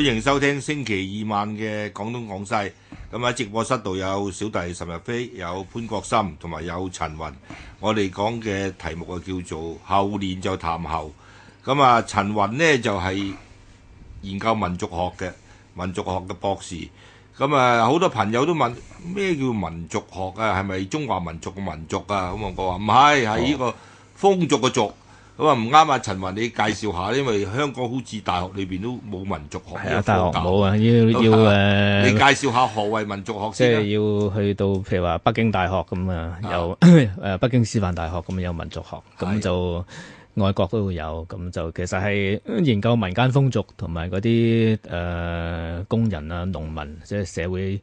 歡迎收聽星期二晚嘅廣東廣西。咁喺直播室度有小弟岑逸飛，有潘國森，同埋有，有陳雲。我哋講嘅題目啊叫做猴年就談猴。咁啊，陳雲呢就係、是、研究民族學嘅，民族學嘅博士。咁啊，好多朋友都問咩叫民族學啊？係咪中華民族嘅民族啊？咁啊，我話唔係，係呢個風俗嘅俗。咁啊，唔啱啊，陳雲你介紹下，因為香港好似大學裏面都冇民族學，大學冇啊，要要誒，闆要呃、你介紹下何謂民族學先，即係要去到譬如話北京大學咁啊，有 北京師範大學咁有民族學，咁就、啊、外國都會有，咁就其實係研究民間風俗同埋嗰啲誒工人啊、農民，即係社會。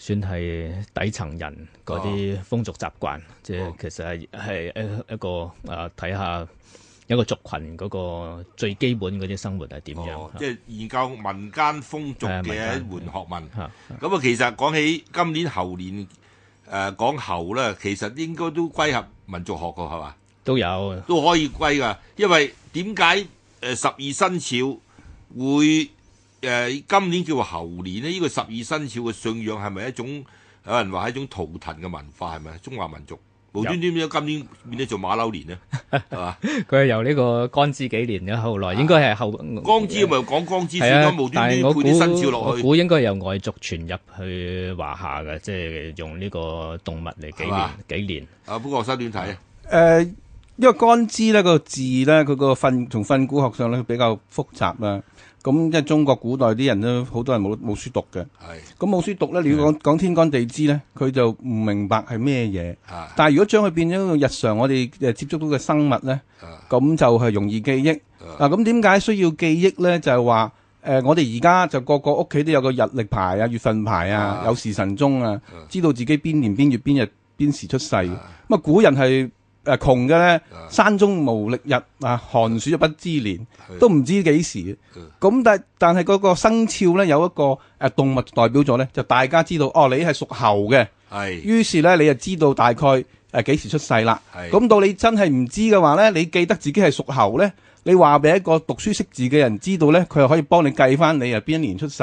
算係底層人嗰啲風俗習慣，即係、哦、其實係係一一個啊睇下一個族群嗰個最基本嗰啲生活係點樣？即係、哦就是、研究民間風俗嘅一門學問。咁啊，嗯、其實講起今年猴年誒、呃、講猴啦，其實應該都歸合民族學嘅係嘛？都有都可以歸㗎，因為點解誒十二生肖會？誒，今年叫做猴年呢，呢個十二生肖嘅信仰係咪一種？有人話係一種圖騰嘅文化係咪？中華民族無端端點解今年變咗做馬騮年呢？係嘛？佢 係 由呢個干支紀年嘅，啊、該後來應該係後干支咪講干支先咯，無端端配啲生肖落去。我估應該係由外族傳入去華夏嘅，即、就、係、是、用呢個動物嚟紀年是不是紀年。啊，潘國森點睇啊？誒，因為干支咧個字咧、呃，佢個訓從訓詁學上咧比較複雜啦。咁即係中國古代啲人都好多人冇冇書讀嘅，咁冇是書讀咧，你要講講天干地支咧，佢就唔明白係咩嘢。是但係如果將佢變咗個日常我哋誒接觸到嘅生物咧，咁是就係容易記憶。嗱是，咁點解需要記憶咧？就係話誒，我哋而家就個個屋企都有個日曆牌啊、月份牌啊、啊有時辰鐘啊，啊知道自己邊年邊月邊日邊時出世。咁啊，古人係。誒，窮嘅咧，山中無曆日啊，寒暑不知年，都唔知幾時。咁但係但係嗰個生肖咧，有一個誒動物代表咗咧，就大家知道哦，你係屬猴嘅，係。於是咧係，你就知道大概誒幾、呃、時出世啦。咁係到你真係唔知嘅話咧，你記得自己係屬猴咧。你話俾一個讀書識字嘅人知道咧，佢又可以幫你計翻你係邊一年出世。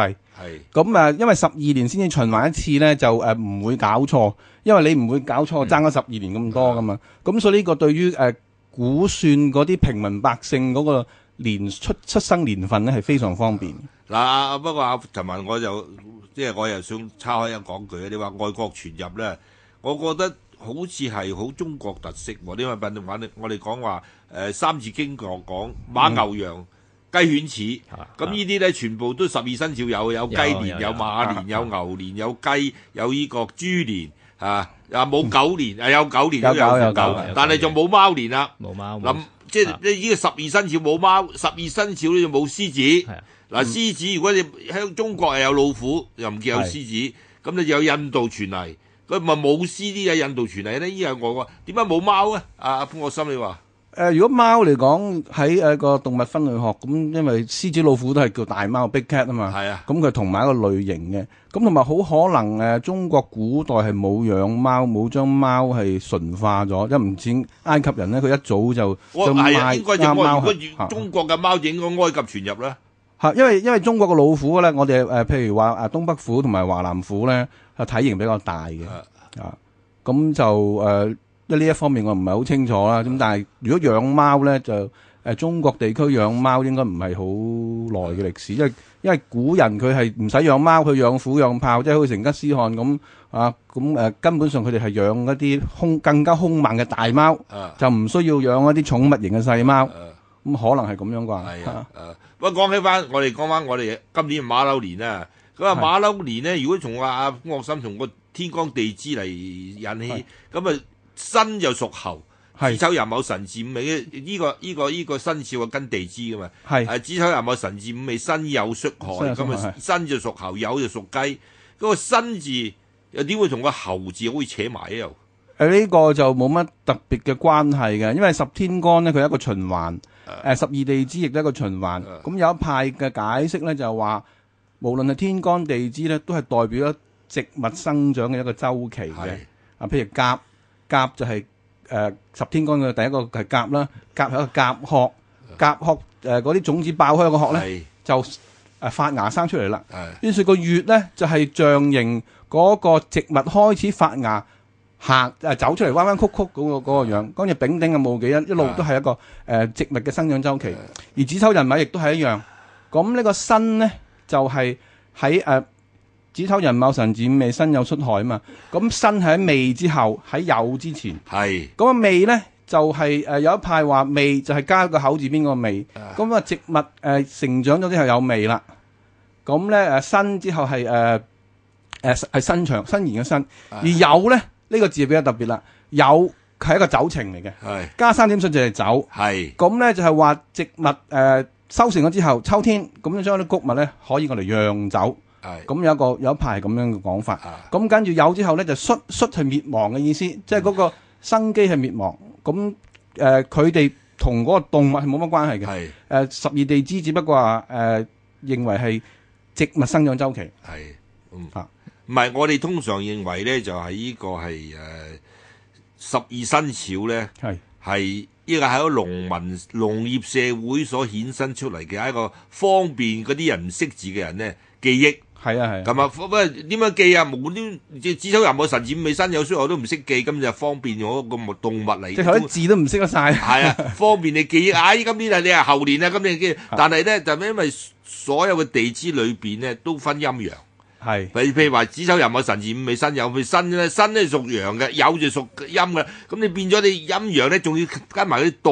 咁啊是，因為十二年先至循環一次咧，就誒唔會搞錯，因為你唔會搞錯爭咗十二年咁多噶嘛。咁、嗯、所以呢個對於誒估算嗰啲平民百姓嗰個年出出生年份咧，係非常方便。嗱、啊，不過阿陳雲我就即係我又想叉開一講句啊，你話外國傳入咧，我覺得。好似係好中國特色喎，呢個品種，反正我哋講話，誒《三字經》講馬牛羊雞犬豕，咁呢啲咧全部都十二生肖有，有雞年、有馬年、有牛年、有雞、有呢個豬年嚇，啊冇狗年啊？有狗年，有有有狗，但係就冇貓年啦。冇貓，即係呢個十二生肖冇貓，十二生肖呢就冇獅子。嗱，獅子如果你喺中國係有老虎，又唔見有獅子，咁你就有印度傳嚟。佢咪冇獅啲嘢，印度傳嚟咧，呢樣我。點解冇貓啊？阿潘，國森你話誒，如果貓嚟講喺誒個動物分類學咁，因為獅子老虎都係叫大貓 big cat 啊嘛。係啊，咁佢同埋一個類型嘅，咁同埋好可能誒，中國古代係冇養貓，冇將貓係馴化咗，因為唔似埃及人咧，佢一早就就買啱貓。中國嘅貓就應該埃及傳入啦。因為因為中國嘅老虎咧，我哋、呃、譬如話誒東北虎同埋華南虎咧，啊體型比較大嘅，啊咁就誒呢、呃、一方面我唔係好清楚啦。咁但係如果養貓咧，就、呃、中國地區養貓應該唔係好耐嘅歷史，因為、啊、因為古人佢係唔使養貓，佢養虎養豹，即係好似成吉思汗咁啊，咁、嗯、誒、啊、根本上佢哋係養一啲兇更加兇猛嘅大貓，就唔需要養一啲寵物型嘅細貓。咁可能係咁樣啩？係啊，誒，不過講起翻，說我哋講翻我哋今年馬騮年啊！咁啊，馬騮年咧，如果從阿阿郭心從個天干地支嚟引起，咁啊是，申就，就屬猴，子丑寅卯辰巳午未呢個、這個依、這個申字跟地支噶嘛，係子丑寅卯辰巳午未，申酉戌亥，咁啊，申就，就屬猴，酉就屬雞，嗰、那個申字又點會同個猴字可以扯埋度？誒呢個就冇乜特別嘅關係嘅，因為十天干咧佢係一個循環，誒十二地支亦都係一個循環。咁有一派嘅解釋咧就係話，無論係天干地支咧，都係代表咗植物生長嘅一個週期嘅。啊，譬如甲，甲就係誒十天干嘅第一個係甲啦，甲係個甲殼，甲殼誒嗰啲種子爆開個殼咧就誒發芽生出嚟啦。於是個月咧就係象形嗰個植物開始發芽。下誒走出嚟彎彎曲曲嗰個嗰個樣，跟住丙丁嘅無幾因，一路都係一個誒植物嘅生長週期，而子丑寅卯亦都係一樣。咁呢個申咧就係喺誒子丑寅卯辰巳未申酉戌亥啊嘛。咁申喺未之後，喺酉之前。係。咁啊未咧就係誒有一派話，未就係加個口字邊個味。咁啊植物誒成長咗之後有味啦。咁咧誒申之後係誒誒係伸長伸延嘅伸。而酉咧。呢個字比較特別啦，酉係一個酒程嚟嘅，是加三點水就係酒。係咁咧就係話植物誒、呃、收成咗之後，秋天咁將啲谷物咧可以用嚟釀酒。係咁是有一個有一派咁樣嘅講法。咁、啊、跟住酉之後咧就戌戌係滅亡嘅意思，即係嗰個生機係滅亡。咁誒佢哋同嗰個動物係冇乜關係嘅。係誒十二地支只不過話誒、呃、認為係植物生長周期。係嗯吓。啊唔係，我哋通常認為咧，就係、是、呢個係誒、呃、十二生肖咧，係呢是個喺農民、農是業社會所衍生出嚟嘅一個方便嗰啲人唔識字嘅人咧記憶。係啊係。咁啊，喂點樣記啊？冇啲字草入我神紙未生有書我都唔識記，咁就方便我、這個物動物嚟。即字、啊、都唔識得晒。係啊，方便你記憶。 啊，依今年啊，你係後年啊，今年記，但係咧，就係、因為所有嘅地支裏面咧都分陰陽。是你比譬如話，子丑寅卯辰巳，午未申酉未申咧，申咧屬陽嘅，酉就屬陰嘅，咁你變咗你陰陽咧，仲要加埋啲動。